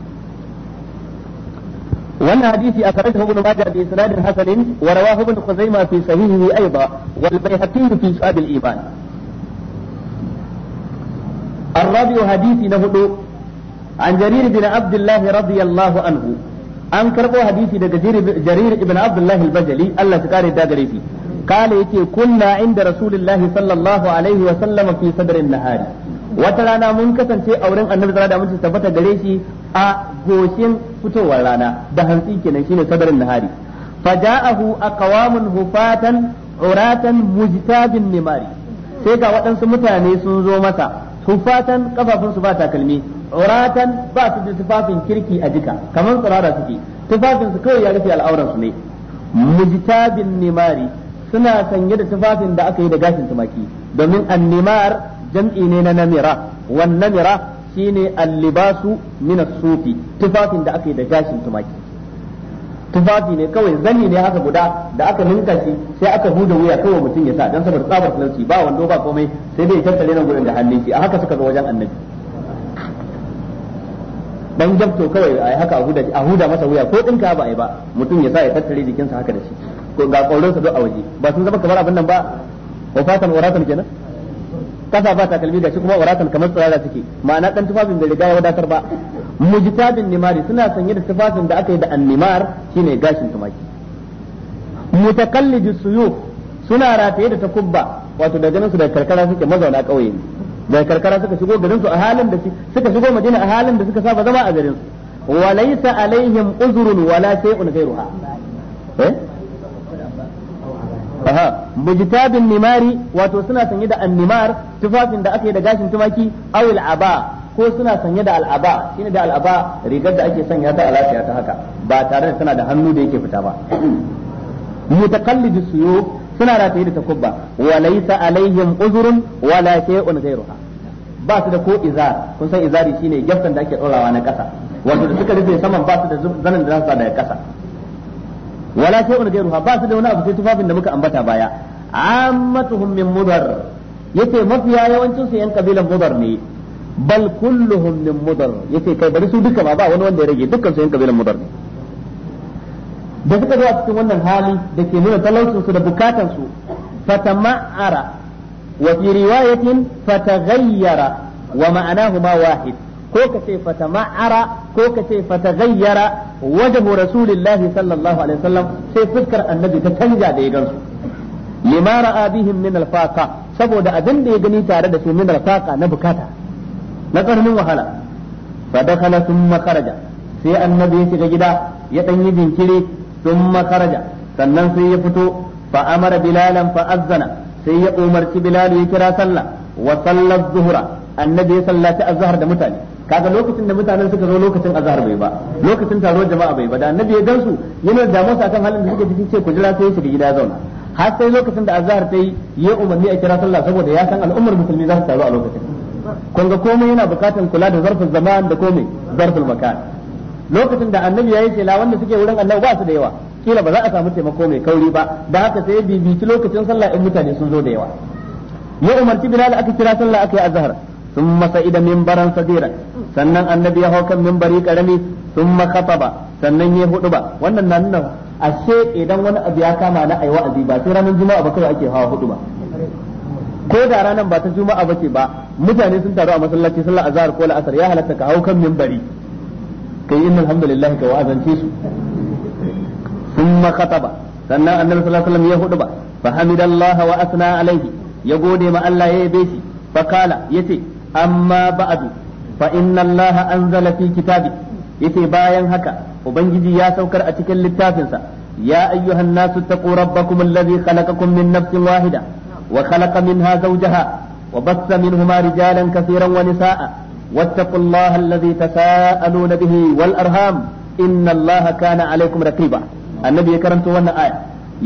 wannan hadisi a karanta ibn majah bi isnadin hasanin wa rawahu ibn khuzaimah fi sahihihi aidan wal bayhaqi fi shu'ab al iman الرابع حديث نهدو عن جرير بن عبد الله رضي الله عنه an karbo hadisi daga jarir ibn abdullah al-bajali Allah ta kare dagare قال يتي كنا عند رسول الله صلى الله عليه وسلم في صدر النهار وترانا من كسن شيء أورن النبي صلى الله عليه وسلم ثبت قريشي أغوشين فتوى لنا دهن سيكي نشين صدر النهار فجاءه أقوام هفاة عراة مجتاب النمار sai ga waɗansu mutane sun zo masa hufatan kafafunsu ba takalmi uratan ba su da tufafin kirki a jika kamar tsirara suke tufafinsu kawai ya rufe al'auransu ne mujtabin nimari suna sanye da tufafin da aka yi da gashin tumaki domin annimar jam'i ne na namira wan namira shine allibasu min as-sufi tufafin da aka yi da gashin tumaki tufafi ne kawai zani ne haka guda da aka ninka shi sai aka huda wuya kawai mutum ya sa dan saboda tsabar talauci ba wando ba komai sai dai tattare nan gurin da hannun shi a haka suka zo wajen annabi dan jabto kawai a haka a huda a huda masa wuya ko dinka ba ai ba mutum ya sa ya tattare jikinsa haka da shi ko ga kaurin sa duk a waje ba sun zama kamar abin nan ba wafatan uratan kenan kasa ba takalmi gashi kuma uratan kamar tsirara suke ma'ana dan tufafin da riga wadatar ba mujtabin nimari suna sanye da tufafin da aka yi da annimar shine gashin tumaki mutakallijus suyuf suna rataye da takubba wato da ganin su da karkara suke mazauna kauye da karkara suka shigo garin su a halin da suka shigo madina a halin da suka saba zama a garin su walaysa alaihim uzrun wala shay'un ghayruha eh aha mujtabin nimari wato suna sanye da annimar tufafin da aka yi da gashin tumaki aw aba ko suna sanye da al'aba shine da al'aba rigar da ake sanya ta alafiya ta haka ba tare da tana da hannu da yake fita ba mutakallidu suyo suna rataye da takubba wa laysa alaihim uzrun wala shay'un ghayruha ba su da ko izar kun san izari shine gaftan da ake dorawa na kasa wato da suka rufe saman ba su da zanin da za su da kasa wala shay'un ghayruha ba su da wani abu sai tufafin da muka ambata baya ammatuhum min mudar yace mafiya yawancin su yan kabilan mudar ne bal kulluhum min mudar yace kai bari su duka ba ba wani wanda ya rage dukkan su yan kabilan mudar ne da suka zuwa cikin wannan hali da ke nuna talaucin su da bukatan su fatama'ara wa fi riwayatin fataghayyara wa ma'anahuma wahid ko kace fatama'ara ko kace fataghayyara wajahu rasulillahi sallallahu alaihi wasallam sai fuskar annabi ta canja da ya gansu lima ra'a bihim min alfaqa saboda abin da ya gani tare da su min alfaqa na bukata na karnin wahala fa dakhala thumma kharaja sai annabi ya shiga gida ya dan yi jinkiri sun kharaja sannan sai ya fito fa amara bilalan fa sai ya umarci bilal ya kira sallah wa sallar zuhra annabi ya a zahar da mutane kaga lokacin da mutanen suka zo lokacin azhar bai ba lokacin taruwar jama'a bai ba da annabi ya gansu yana da damuwa akan halin da suke cikin ce ku jira sai shiga gida zauna har sai lokacin da azhar ta yi ya umarni a kira sallah saboda ya san al'ummar musulmi za su taru a lokacin kun ga komai yana bukatan kula da zarfin zaman da komai zarfin makan lokacin da annabi ya yi cela wanda suke wurin annabi ba su da yawa kila ba za a samu taimako mai kauri ba da haka sai bibiti lokacin sallah in mutane sun zo da yawa ya umarci bilal aka kira sallah aka yi azhar ثم سئد منبرا صغيرا sannan annabi ya hau kan mimbari karami sun makasaba sannan ya hudu ba wannan na nuna ashe idan wani abu ya kama na ayi wa'azi ba sai ranar juma'a ba kawai ake hawa hudu ba ko da ranar ba ta juma'a ba ce ba mutane sun taru a masallaci sallar azhar ko la'asar ya halatta ka hau kan minbari kai inna alhamdulillah ka wa'azance su sun makasaba sannan annabi sallallahu alaihi wasallam ya hudu ba fa hamidallaha wa asna alaihi ya gode ma Allah ya yabe shi fa kala yace amma ba'du fa inna allaha anzala fi kitabi yace bayan haka ubangiji ya saukar a cikin littafinsa ya ayyuhan nasu taqu rabbakum alladhi khalaqakum min nafsin wahida wa khalaqa minha zawjaha wa bassa minhuma rijalan kaseeran wa nisaa wattaqullaha alladhi tasaaluna bihi wal arham inna allaha kana alaykum raqiba annabi ya karanto wannan aya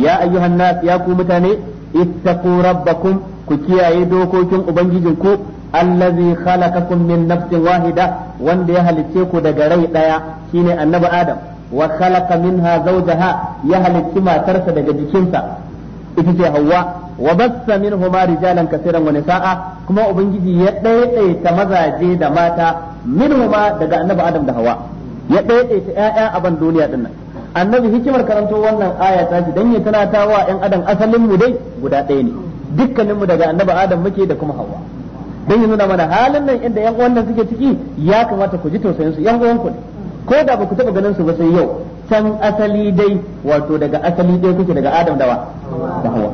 ya ayyuhan ya ku mutane ittaqu rabbakum ku kiyaye dokokin ubangijin ku. allazi khalaqakum min nafsin wahida wanda ya halice ku daga rai daya shine annabi adam wa khalaqa minha zawjaha ya halicci matarsa daga jikinsa ita ce hawwa wa bassa minhuma rijalan kaseeran wa nisaa kuma ubangiji ya daidaita mazaje da mata minhuma daga annabi adam da hawa ya daidaita 'ya'ya a ban duniya nan annabi hikimar karanto wannan aya ta shi dan ya tana tawa 'yan adam asalin mu dai guda ɗaya ne dukkaninmu daga annabi adam muke da kuma hawa don yi nuna mana halin nan inda yan uwan nan suke ciki ya kamata ku ji tausayin su yan uwan ku ko da ba ku taba ganin su ba sai yau can asali dai wato daga asali dai kuke daga Adam dawa da Hawa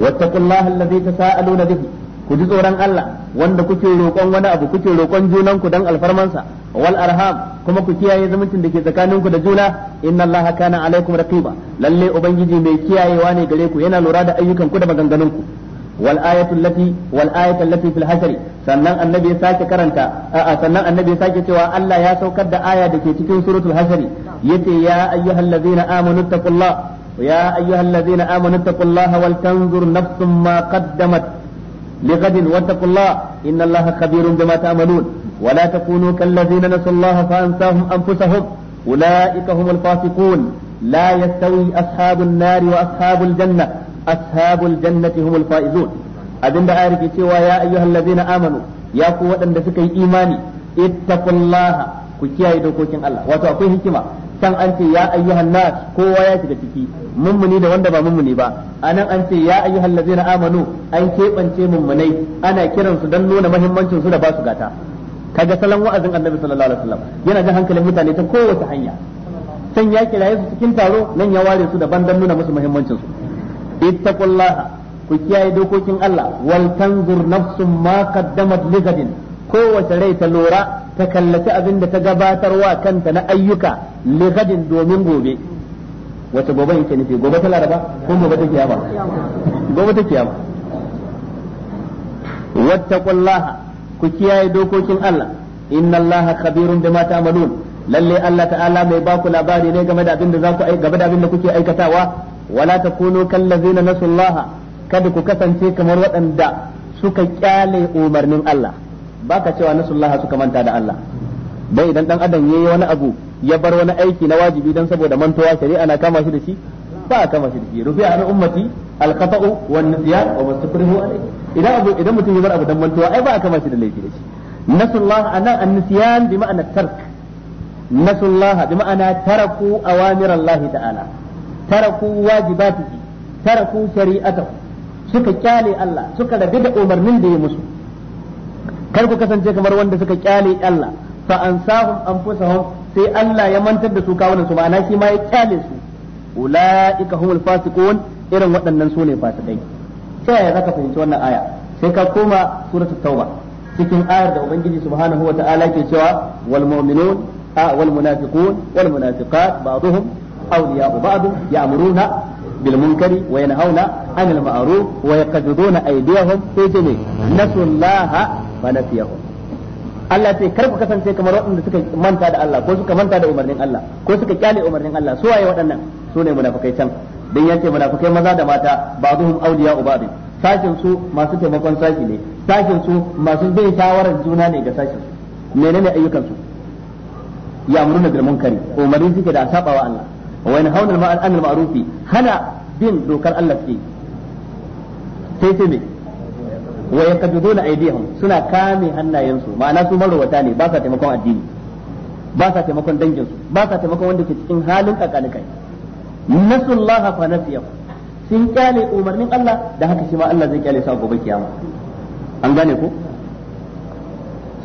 wattaqullaha allazi tasaaluna bihi ku ji tsoron Allah wanda kuke roƙon wani abu kuke roƙon junan ku dan alfarmansa wal arham kuma ku kiyaye zumuncin da ke tsakanin ku da juna inna allaha kana alaikum raqiba lalle ubangiji mai kiyayewa ne gare ku yana lura da ayyukan ku da maganganun ku wal ayatu allati wal sannan annabi ya sake karanta a'a sannan annabi ya sake cewa Allah ya saukar da aya ke cikin suratul hasri yace ya ayyuhallazina amanu taqullah ya ayyuhallazina amanu taqullaha wal tanzur nafsum ma qaddamat lighadin wattaqullah innallaha khabirum bima ta'malun ولا تكونوا كالذين نسوا الله فأنساهم أنفسهم أولئك هم الفاسقون لا يستوي أصحاب النار وأصحاب الجنة ashabul jannati humul abin da ayar ke cewa ya ayyuhal ladina amanu ya ku waɗanda suka yi imani ittaqullaha ku kiyaye dokokin Allah wato akwai hikima San an ce ya ayyuhan nas kowa ya shiga ciki mummuni da wanda ba mummuni ba anan an ce ya ayyuhan na amanu an keɓance mummunai ana kiransu su dan nuna muhimmancin su da ba su gata kaga salon wa'azin annabi sallallahu alaihi wasallam yana jin hankalin mutane ta kowace hanya San ya kiraye su cikin taro nan ya ware su daban dan nuna musu muhimmancin ittaqullaha ku kiyaye dokokin Allah wal tanzur nafsum ma qaddamat lighadin kowace rai ta lura ta kallaci abin da ta gabatarwa kanta na ayyuka lighadin domin gobe wace gobe yake nufi gobe ta laraba ko gobe ta kiyama gobe ta kiyama wattaqullaha ku kiyaye dokokin Allah inna Allaha khabirun bima ta'malun lalle Allah ta'ala mai baku labari ne game da abin da za ku game da abin da kuke aikatawa wala takunu kallazina nasullaha kada ku kasance kamar waɗanda suka kyale umarnin Allah Ba baka cewa nasullaha suka manta da Allah dai idan dan adam yayi wani abu ya bar wani aiki na wajibi dan saboda mantuwa shari'a na kama shi da shi ba a kama shi da shi rufi'a an ummati al-khata'u wan nisyan wa mastakrihu alayhi idan abu idan mutum ya bar abu dan mantuwa ai ba a kama shi da laifi da shi nasullah ana an-nisyan bi ma'ana tark nasullah bi ma'ana taraku awamir Allah ta'ala taraku wajibatihi taraku shari'atahu suka kyale Allah suka rabu da umarnin da ya musu kar ku kasance kamar wanda suka kyale Allah fa ansahum anfusahum sai Allah ya mantar da su kawunan su ma'ana shi ma ya kyale su ulaika humul fasiqun irin waɗannan su ne fasikai sai ya zaka fahimci wannan aya sai ka koma suratul tauba cikin ayar da ubangiji subhanahu wata'ala ke cewa wal mu'minun wal munafiqun wal munafiqat ba'dhum أولياء بعض يأمرون بالمنكر وينهون عن المعروف ويقبضون أيديهم في جميع نسوا الله فنسيهم Allah kar ku kasance kamar waɗanda suka manta da Allah ko suka manta da umarnin Allah ko suka kyale umarnin Allah su waye waɗannan su ne can dan yace maza da mata ba'dhum awliya'u ba'd sashin su masu taimakon ne sashin su masu bin shawarar juna ne ga menene ayyukan su ya amruna bil munkari umarni suke da sabawa Allah wa yanhauna al anil hana bin dokar Allah suke sai sai me wa yaqbiduna aydihim suna kame hannayensu ma'ana su marwata ne ba sa taimakon addini ba sa taimakon dangin ba sa taimakon wanda ke cikin halin kakalikai nasullaha fa nasiyahu sun kyale umarnin Allah da haka shi ma Allah zai kyale su a gobe kiyama an gane ko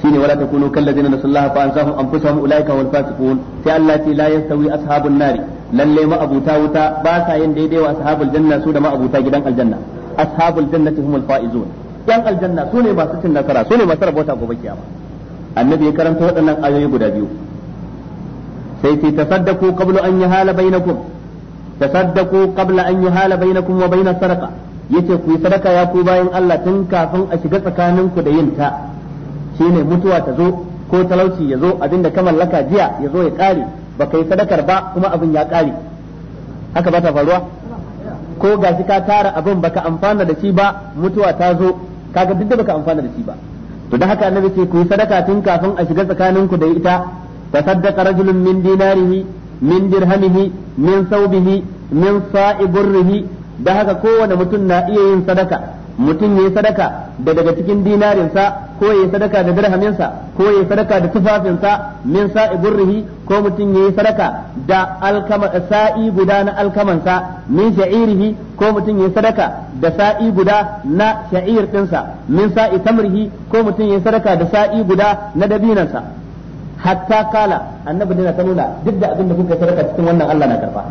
shine wala takunu kallazina nasullaha fa ansahum anfusahum ulaika hum fasiqun sai Allah ce la yastawi ashabun nari lalle ma'abuta wuta ba sa yin daidai wa ashabul janna su da ma'abuta gidan aljanna ashabul jannati humul faizun yan aljanna su ne masu cin nasara su ne masu rabota gobe kiyama annabi ya karanta waɗannan ayoyi guda biyu sai sai tasaddaku qablu an yahala bainakum tasaddaku qabla an yahala bainakum wa bainas sadaqa yace ku yi sadaka ya ku bayan Allah tun kafin a shiga tsakaninku da yin ta shine mutuwa ta zo ko talauci ya zo abinda ka mallaka jiya ya zo ya kare baka yi sadakar ba kuma abin ya kare haka ba ta faruwa ko ga shi ka tara abin baka amfana da shi ba mutuwa ta zo kaga duk da baka amfana da shi ba to da haka annabi ce ku yi sadaka tun kafin a shiga tsakaninku da ita tasaddaqa rajulun min dinarihi min dirhamihi min saubihi min sa'iburrihi da haka kowane mutum na iya yin sadaka mutum ya yi sadaka da daga cikin dinarinsa ko yi sadaka da dirhaminsa ko yi sadaka da tufafinsa min sa'iburrihi ko mutum ya yi sadaka da alkama sa'i guda na alkamansa min sha'irihi ko mutum ya yi sadaka da sa'i guda na sha'ir dinsa min sa'i tamrihi ko mutum ya yi sadaka da sa'i guda na dabinansa hatta kala annabi dana ta nuna duk da abin da kuka sadaka cikin wannan Allah na karfa.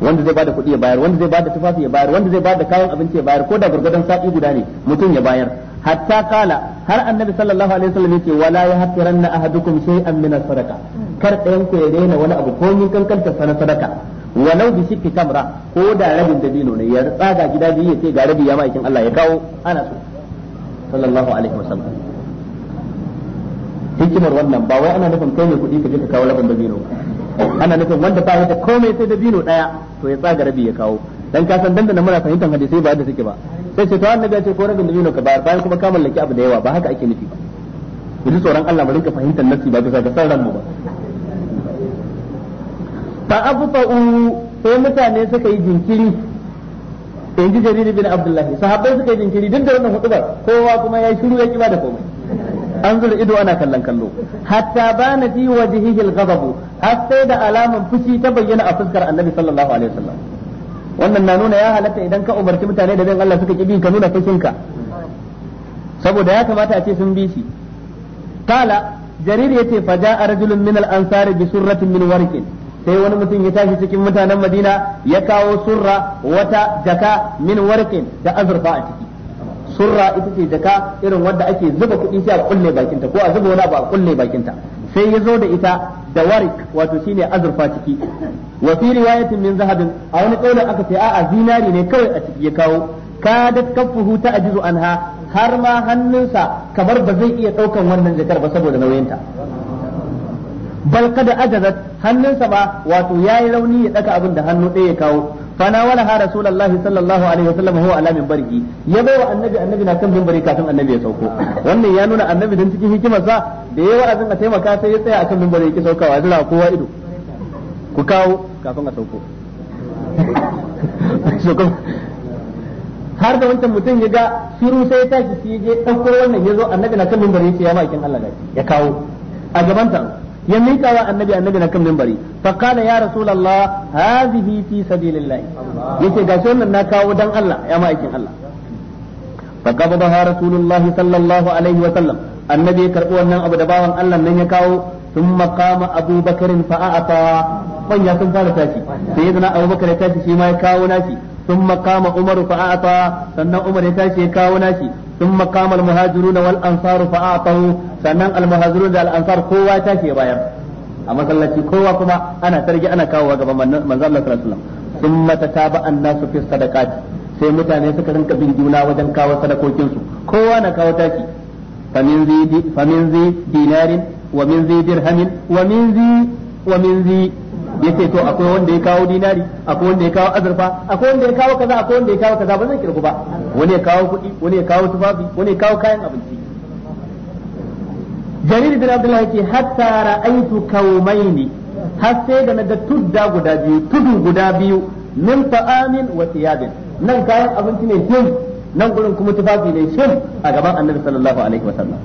wanda zai bada kuɗi ya bayar wanda zai bada tufafi ya bayar wanda zai bada kayan abinci ya bayar ko da gurgurdan sa'i guda ne mutum ya bayar hatta kala har annabi sallallahu alaihi wasallam yake wala ya hakiranna ahadukum shay'an min as-sadaqa kar ɗayan ku ya daina wani abu ko min kankanta sana sadaka walau bi shikki tamra ko da rabin dabino ne ya tsaga gida biyu ya ce ga rabi ya ma'aikin Allah ya kawo ana so sallallahu alaihi wasallam hikimar wannan ba wai ana nufin kai ne kuɗi ka je ka kawo rabin dabino ana nufin wanda ba wata komai sai dabino daya to ya tsaga rabi ya kawo dan ka san dandana mura fahimtar hadisi ba da suke ba sai ce to annabi ya ce ko rabin dabino ka bayar bayan kuma ka mallaki abu da yawa ba haka ake nufi ba tsoron Allah mu rinka fahimtar nasi ba bisa ga san ranmu ba fa abta'u sai mutane suka yi jinkiri in ji jarir bin abdullahi sahabbai suka yi jinkiri duk da wannan hutubar kowa kuma ya shiru ya kiba da komai an zura ido ana kallon kallo hatta bana fi wajhihi al-ghadab har sai da alaman fushi ta bayyana a fuskar annabi sallallahu alaihi wasallam wannan na nuna ya halatta idan ka umarci mutane da bin Allah suka kibi ka nuna ka saboda ya kamata a ce sun bi shi kala jarir yace fa rajulun min al-ansari bi surratin min warqin sai wani mutum ya tashi cikin mutanen madina ya kawo surra wata jaka min warqin da azurfa a ciki surra ita ce jaka irin wadda ake zuba kuɗi sai a kulle bakinta ko a zuba wani abu a kulle bakinta sai ya zo da ita da warik wato shine azurfa ciki wa fi riwayatin min zahabin a wani kaulin aka ce a'a zinari ne kawai a ciki ya kawo kadat kaffuhu ta ajizu anha har ma hannunsa kamar ba zai iya daukan wannan jakar ba saboda nauyinta bal kada ajazat hannunsa ba wato yayi rauni ya daka abin da hannu ɗaya ya kawo fana wala ha rasulullahi sallallahu alaihi wasallam huwa ala barki ya bai wa annabi annabi na kan minbari kafin annabi ya sauko wannan ya nuna annabi dan cikin hikimarsa da yayi wa'azin a taimaka sai ya tsaya akan minbari ya ki saukawa jira kowa ido ku kawo kafin a sauko har da wancan mutum ya ga shiru sai ya tashi shi je ɗauko wannan ya zo annabi na kan minbari ya ce ya ma'aikin Allah ya kawo a gaban ta ya miƙa wa annabi annabi na kan mimbari fa qala ya rasulullah hadhihi fi sabilillah yace ga wannan na kawo dan Allah ya ma'aikin Allah fa qabadaha rasulullah sallallahu alaihi wa sallam annabi ya karbi wannan abu da bawan Allah nan ya kawo fara tashi sai yana abu bakr ya tashi shi ma ya kawo nashi thumma qama umar fa قام sannan umar ya tashi ya kawo nashi ثم قام المهاجرون والأنصار فأعطوا sannan almuhazirun da al'ansar kowa ya tashi ya a masallaci kowa kuma ana targe ana kawowa gaban manzon Allah sallallahu alaihi wasallam thumma tataba annasu fi sadaqati sai mutane suka rinka bin juna wajen kawo sadakokin su kowa na kawo taki famin zi famin zi dinarin wa min zi dirhamin wa min zi wa min zi ce to akwai wanda ya kawo dinari akwai wanda ya kawo azurfa akwai wanda ya kawo kaza akwai wanda ya kawo kaza ba zan kirku ba wani ya kawo kuɗi wani ya kawo tufafi wani ya kawo kayan abinci jarir bin abdullahi yace hatta ra'aitu kaumaini har sai da ga tudda guda biyu tudu guda biyu min ta'amin wa tiyabin nan kayan abinci ne shin nan gurin kuma tufafi ne shin a gaban annabi sallallahu alaihi wa sallam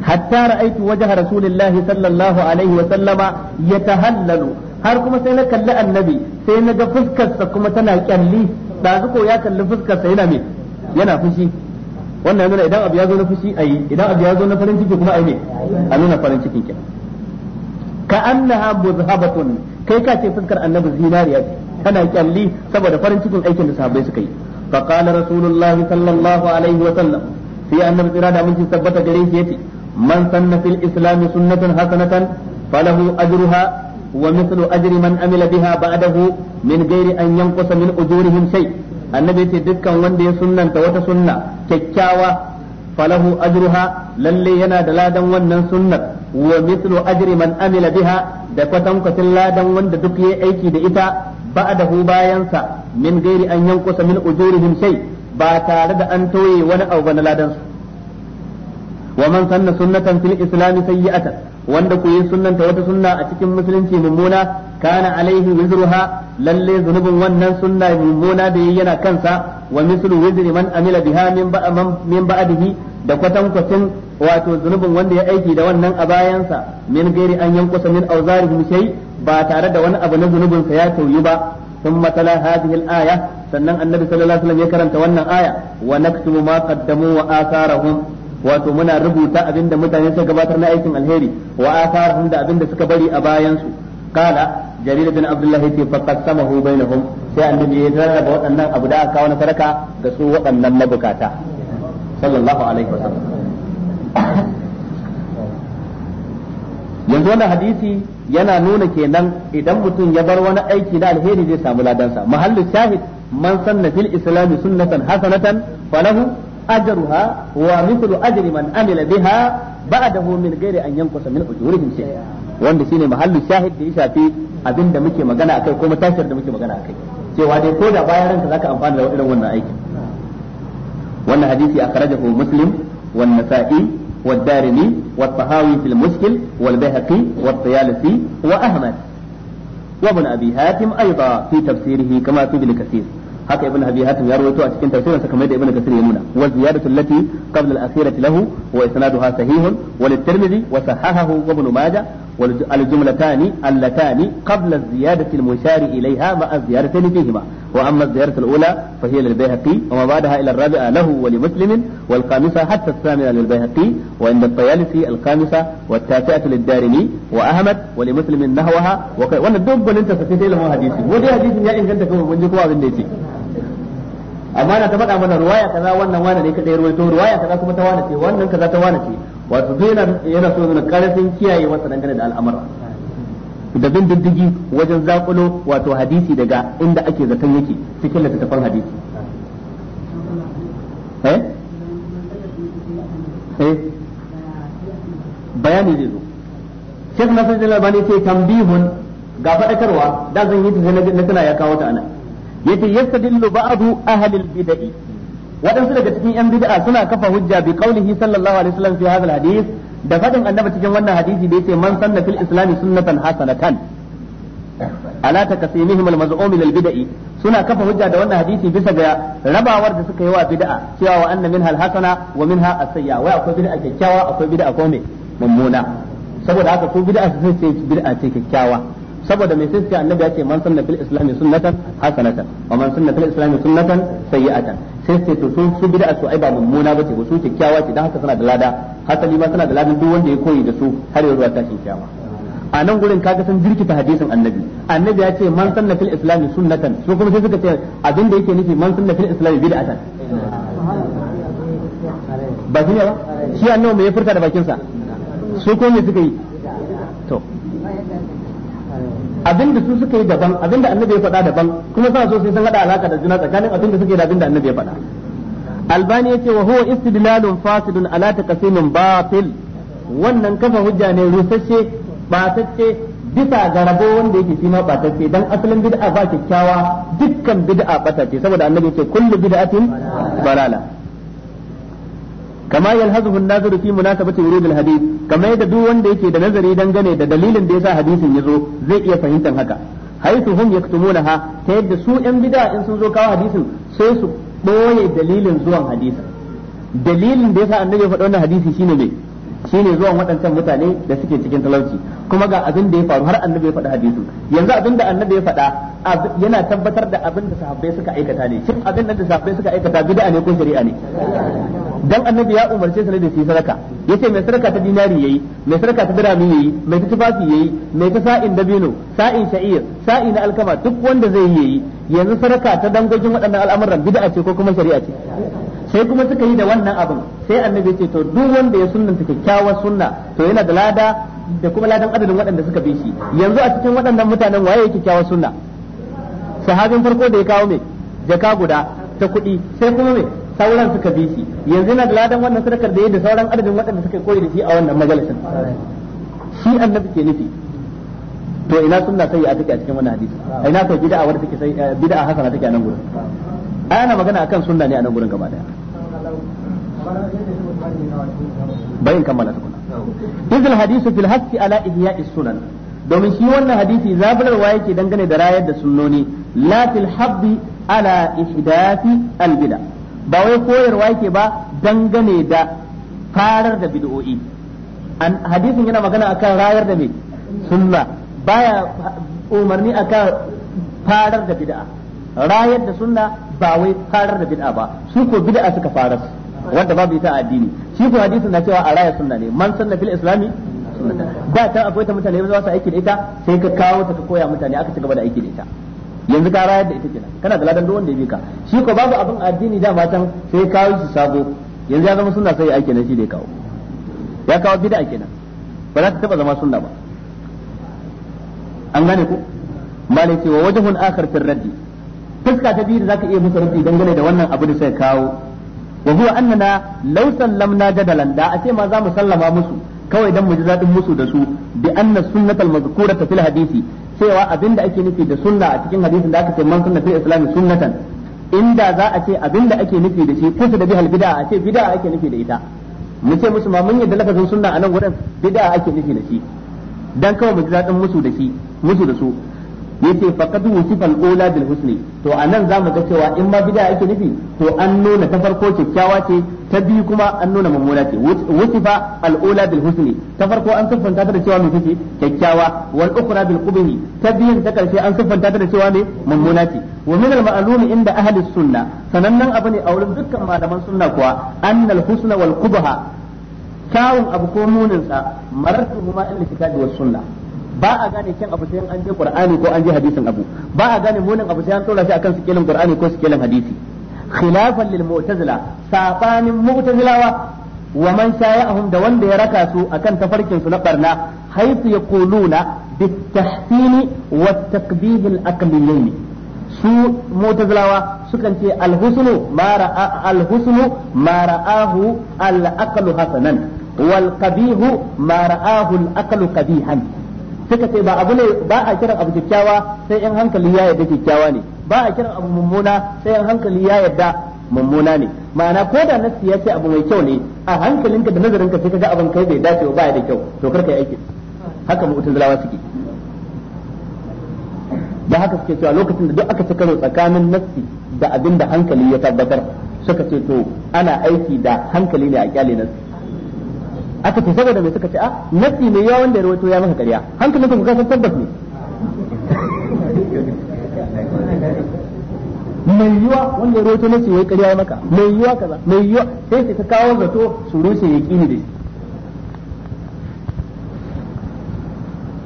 hatta ra'aitu wajha rasulillahi sallallahu alaihi wa sallama yatahallalu har kuma sai na kalli annabi sai na ga fuskarsa kuma tana kyalli da ko ya kalli fuskarsa yana me yana fushi wannan ya idan abu ya zo na fushi ayi idan abu ya zo na farin ciki kuma ayi ne a nuna farin cikin kenan ka annaha muzhabatun kai ka ce fuskar annabi zinariya ce tana kyalli saboda farin cikin aikin da sahabbai suka yi fa qala rasulullahi sallallahu alaihi wa sallam sai annabi tsira da mun tabbata gare shi yace man sanna fil islam sunnatan hasanatan falahu ajruha ومثل أجر من عمل بها بعده من غير أن ينقص من أجورهم شيء النبي تدكا وندي سنة وتسنة كيكاوة فله أجرها للي ينا دلادا ونن سنة ومثل أجر من عمل بها دكوتم كتلادا وند دكي أيكي دئتا بعده باينسا من غير أن ينقص من أجورهم شيء باتارد أن توي ولا أو ونلادنسو ومن سن سنة في الإسلام سيئة wanda ku yi sunnanta wata sunna a cikin musulunci mummuna kana alaihi wizruha lalle zunubin wannan sunna mummuna da yayi yana kansa wa mislu wizri man amila biha min min ba'dihi da kwatan kwatin wato zunubin wanda ya aiki da wannan a bayansa min gairi an yankusa min auzarihim shay ba tare da wani abu na zunubin sa ya tauyi ba ثم تلا هذه aya sannan annabi صلى الله عليه وسلم يكرم تونا آية ونكتب ما قدموا وآثارهم wato muna rubuta abinda mutane suka gabatar na aikin alheri wa atharhum da abinda suka bari a bayan su kala jarir bin abdullah yace fa qasamahu bainahum sai annabi ya rarraba waɗannan abu da aka kawo na sadaka ga su waɗannan mabukata sallallahu alaihi wasallam yanzu wannan hadisi yana nuna kenan idan mutum ya bar wani aiki na alheri zai samu ladansa mahallu shahid man sanna fil islami sunnatan hasanatan falahu أجرها ومثل أجر من عمل بها بعده من غير أن ينقص من أجورهم شيئا wanda shine mahallin shahid da ya shafi abin da muke magana akai ko tashar da muke magana akai cewa dai ko da bayan ranka zaka amfana da irin wannan aiki wannan hadisi akhrajahu muslim wan nasa'i wad darimi wat tahawi fil mushkil wal wat tayalisi wa ahmad wa ibn abi hatim aidan fi tafsirihi kama fi bil kathir haka ibn habi hatim ya rawaito a cikin tafsirin sa kamar yadda ibn kasir ya nuna wa ziyadatu allati qabla al-akhirah lahu wa isnaduha sahihun wa at-tirmidhi wa sahahahu ibn majah wa al-jumlatani allatani qabla ziyadati al-mushari ilayha ma az-ziyadatu fihima wa amma az-ziyadatu al-ula fa hiya lil-bayhaqi wa ma ba'daha ila ar-rabi'a lahu wa li muslimin wal khamisa hatta as-samia lil-bayhaqi wa inda at-tayalisi al-khamisa wa at-tasi'atu lid-darimi wa ahmad wa li muslimin nahwaha wa wannan dubbalin ta sai sai lamun hadisi wa hadisin ya inganta kuma mun ji kowa abin da yake amma na ta faɗa mana ruwaya kaza wannan wane ne kadai ruwaito ruwaya kaza kuma ta wane ce wannan kaza ta wane ce wato duk yana yana so yana karfin kiyaye wasa dangane da al'amura da bin diddigi wajen zakulo wato hadisi daga inda ake zaton yake cikin littattafan hadisi eh eh bayani zai zo Sheikh Nasir Jalal Bani ce tambihun ga faɗakarwa da zan yi ta na tana ya kawo ta anan yace yastadillu ba'du ahli al-bid'ah waɗansu daga cikin yan bid'a suna kafa hujja bi qaulihi sallallahu alaihi wasallam fi hadha al-hadith da fadin annabi cikin wannan hadisi da yace man sanna fil islami sunnatan hasanatan ala taqsimihim al-maz'um lil bid'i suna kafa hujja da wannan hadisi bisa ga rabawar da suka yi wa bid'a cewa wa anna minha al-hasana wa minha as-sayya wai akwai bid'a kyakkyawa akwai bid'a ko me mummuna saboda haka ko bid'a su sai bid'a ce kyakkyawa saboda mai sai annabi ya ce man sunna fil islami sunnatan hasanatan wa man sunna fil islami sunnatan sayyi'atan sai sai to su su bid'a su ai ba mummuna bace ba su kyakkyawa ce dan haka suna da lada hasali ma suna da ladan duk wanda ya koyi da su har ya zuwa tashin kiyama a nan gurin kaga san jirkita hadisin annabi annabi ya ce man sunna fil islami sunnatan su kuma sai suka ce abinda yake nufi man sunna fil islami bid'atan ba shi ne ba shi annabi mai ya furta da bakin sa su kuma me suka yi to abinda su suka yi daban abinda annabi ya faɗa daban kuma suna so sai sun hada alaka da juna tsakanin abinda suke da abinda annabi ya faɗa albani yace wa huwa istidlalun fasidun ala taqsimin batil wannan kafa hujja ne rusasshe batacce bisa ga rabo wanda yake shi ma batacce dan asalin bid'a ba kyakkyawa dukkan bid'a batacce saboda annabi yace kullu bid'atin balala kama yalhazuhu an-nazaru fi munasabati wurud al-hadith kama yadda duk wanda yake da nazari dangane da dalilin da yasa hadisin yazo zai iya fahimtar haka haythu hum ha ta yadda su yan bid'a in sun zo kawo hadisin sai su boye dalilin zuwan hadisin dalilin da yasa annabi ya faɗa wannan hadisi shine shine zuwan waɗancan mutane da suke cikin talauci kuma ga abin da ya faru har annabi ya faɗa hadisin yanzu abin da annabi ya faɗa yana tabbatar da abin da sahabbai suka aikata ne shin abin da sahabbai suka aikata bid'a ne ko shari'a ne dan annabi ya umarce su ne da su sadaka yace mai sadaka ta dinari yayi mai sadaka ta dirami yayi mai ta tufafi yayi mai ta sa'in dabino sa'in sha'ir sa'in alkama duk wanda zai yi yanzu sadaka ta dangogin waɗannan al'amuran bid'a ce ko kuma shari'a ce sai kuma suka yi da wannan abin sai annabi ce to duk wanda ya sunnanta kyakkyawar sunna to yana da lada da kuma ladan adadin waɗanda suka bi shi yanzu a cikin waɗannan mutanen waye kyakkyawar sunna sahabin farko da ya kawo mai jaka guda ta kuɗi sai kuma mai sauran suka bi shi yanzu na da ladan wannan sadakar da yadda da sauran adadin waɗanda suka koyi da shi a wannan majalisar. shi annabi ke nufi to ina sunna sai a take a cikin wannan hadisi a ina kai bid'a wadda take sai eh, bid'a hasana take a nan gurin ai ana magana akan sunna ne a nan gurin gaba daya bayin kammala tukuna idil hadisu fil hasi ala ihya'i sunan domin shi wannan hadisi zaburarwa yake dangane da rayar da sunnoni la fil habbi ala ihdathi al bid'a ba wai koyarwa yake ba dangane da farar da bid'o'i an hadisin yana magana akan rayar da me sunna baya umarni akan farar da bid'a rayar da sunna ba wai farar da bid'a ba su ko bid'a suka farar wanda babu ita addini shi ko hadisin na cewa a rayar sunna ne man sanna fil islami da ta akwai ta mutane yanzu za su aiki da ita sai ka kawo ta ka koya mutane aka ci gaba da aiki da ita yanzu ka rayar da ita kenan kana da ladan duk wanda ya bi ka shi ko babu abin addini da matan sai kawo shi sabo yanzu ya zama sunna sai aiki da shi da ya kawo ya kawo bid'a kenan ba za ta taba zama sunna ba an gane ku malaki wa wajhun akhar fil raddi fuska ta biyu da zaka iya musu raddi dangane da wannan abu da sai kawo wa huwa annana law sallamna jadalan da a ce ma za mu sallama musu kawai dan muji dadin musu da su bi anna sunnatal mazkurata fil hadisi cewa abinda ake nufi da sunna a cikin hadisin da aka ce man sunna islam sunnatan inda za a ce abinda ake nufi da shi kusa da bihal bid'a a ce bid'a ake nufi da ita mu ce musu ma mun yadda lafazin sunna a nan gurin bid'a ake nufi da shi dan kawai muji daɗin dadin musu da shi musu da su yace faqad wusifa al-ula bil husni to anan zamu ga cewa in ma bid'a ake nufi to an nuna ta farko kyakkyawa ce ta biyu kuma an nuna mummuna ce wusifa al-ula bil husni ta farko an siffanta ta da cewa mai take kyakkyawa wal ukhra bil qubhi ta biyun ta karshe an siffanta ta da cewa ne mummuna ce wa min al-ma'lumi inda ahli sunna sanannan abu ne a wurin dukkan malaman sunna kuwa annal husna wal qubha kyawun abu ko munin sa marartu huma illa kitabi was sunnah ba a gane kyan abu sai an je qur'ani ko an je hadisin abu ba a gane munin abu sai an tsora shi akan sikelin qur'ani ko sikelin hadisi khilafan lil mu'tazila sabanin mu'tazilawa wa man shaya'ahum da wanda ya raka su akan tafarkin su na barna haythu yaquluna bitahsin wa takbih al akmilayn su mu'tazilawa sukan ce al husnu ma ra'a al husnu ma ra'ahu al aqlu hasanan suka ce ba abu ne ba a kiran abu kyakkyawa sai in hankali ya yarda kyakkyawa ne ba a kiran abu mummuna sai in hankali ya yarda mummuna ne ma'ana ko da nasi ya ce abu mai kyau ne a hankalinka da nazarinka sai kaga abin kai bai dace ba ya da kyau to kar yi aiki haka zalawa suke da haka suke cewa lokacin da duk aka ci karo tsakanin nasi da abin da hankali ya tabbatar suka ce to ana aiki da hankali ne a kyale nasi aka ce saboda mai suka ce a nasi mai yawa wanda ya rawaito ya maka ƙarya hankalin ku kasan tabbas ne mai yiwa wanda ya rawaito nasi wai ƙarya ya maka mai yiwa kaza mai yiwa sai ka kawo zato su ya kini da shi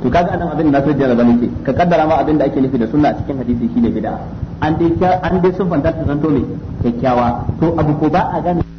to kaga anan abin da Nasiruddin Albani ce ka kaddara ma abin da ake nufi da sunna a cikin hadisi shine bid'a an dai an dai sun fanta ta zanto ne kyakkyawa to abu ko ba a gane